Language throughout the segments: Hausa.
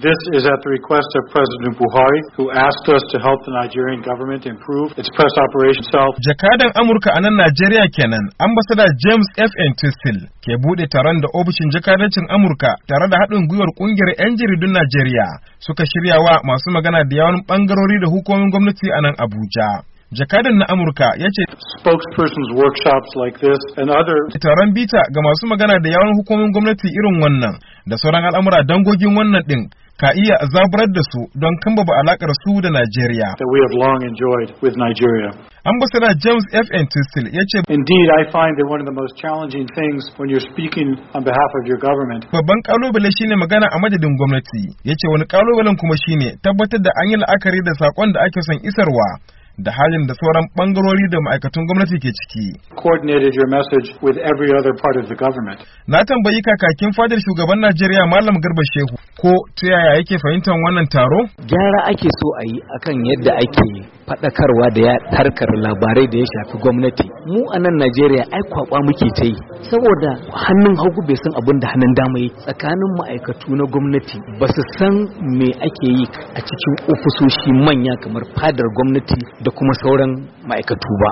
This is at the request of President Buhari, who asked us to help the Nigerian government improve its press operation itself. Jakadan Amurka a nan Najeriya kenan, ambasada James F. Entwistle ke bude taron da ofishin jakadancin Amurka tare da haɗin gwiwar ƙungiyar 'yan jaridun Najeriya suka shirya wa masu magana da yawan ɓangarori da hukumomin gwamnati a nan Abuja. jakadan na Amurka ya ce spokespersons workshops like this and others taron bita ga masu magana da yawan hukumomin gwamnati irin wannan da sauran al'amura dangogin wannan din ka iya zaburar da su don kambaba alakar su da Najeriya. long with Ambassador James F. N. Tistil ya ce, Indeed, I find that one of the most challenging things when you're speaking on behalf of your government. Babban kalubale shine magana a madadin gwamnati. Ya ce wani kalubalen kuma shine tabbatar da an yi la'akari da saƙon da ake son isarwa. da halin da sauran bangarori da ma'aikatan gwamnati ke ciki. Coordinated your message with every other part of the government. Na tambayi kakakin fadar shugaban Najeriya Malam Garba Shehu ko ta yaya yake fahimtar wannan taro? Gyara ake so a yi akan yadda ake faɗakarwa da ya tarkar labarai da ya shafi gwamnati. Mu a nan Najeriya ai kwakwa muke ta yi saboda hannun hagu bai san abin da hannun dama yi tsakanin ma'aikatu na gwamnati ba su san me ake yi a cikin ofisoshi manya kamar fadar gwamnati da kuma sauran ma'aikatu ba.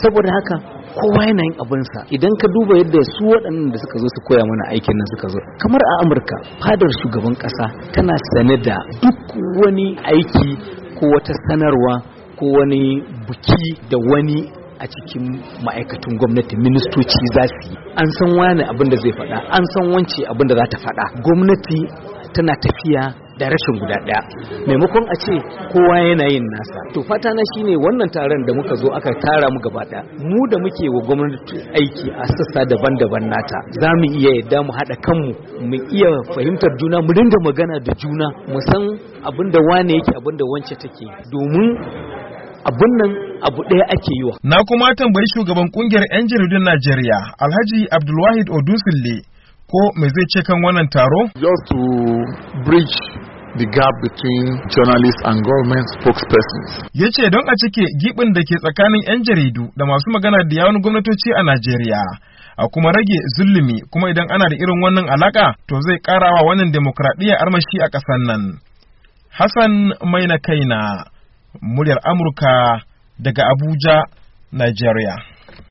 Saboda haka kowa yana yin sa idan ka duba yadda su waɗannan da suka zo su koya mana aikin nan suka zo kamar a amurka fadar shugaban ƙasa tana sane da duk wani aiki ko wata sanarwa ko wani buki da wani a cikin ma'aikatan gwamnati ministoci za su yi an san wani abin da zai faɗa an san wance abin da za ta faɗa gwamnati tana tafiya da rashin guda ɗaya maimakon a ce kowa yana yin nasa to fata na shine wannan taron da muka zo aka tara mu gaba ɗaya mu da muke wa gwamnati aiki a sassa daban-daban nata za mu iya yadda mu haɗa kanmu mu iya fahimtar juna mu dinga magana da juna mu san abin da wane yake abin da wance take domin abun nan abu ɗaya ake yi wa. Na kuma tambayi shugaban kungiyar 'yan jaridun Najeriya Alhaji Abdulwahid Odunsille ko me zai ce kan wannan taro? Just to bridge the gap between journalists and government spokespersons. Ya ce don a cike gibin da ke tsakanin 'yan jaridu da masu magana da yawon gwamnatoci a Najeriya. A kuma rage zulumi kuma idan ana da irin wannan alaka to zai karawa wannan demokradiyya armashi a ƙasar nan. Hassan mai Maina Kaina, muryar Amurka daga Abuja, Najeriya.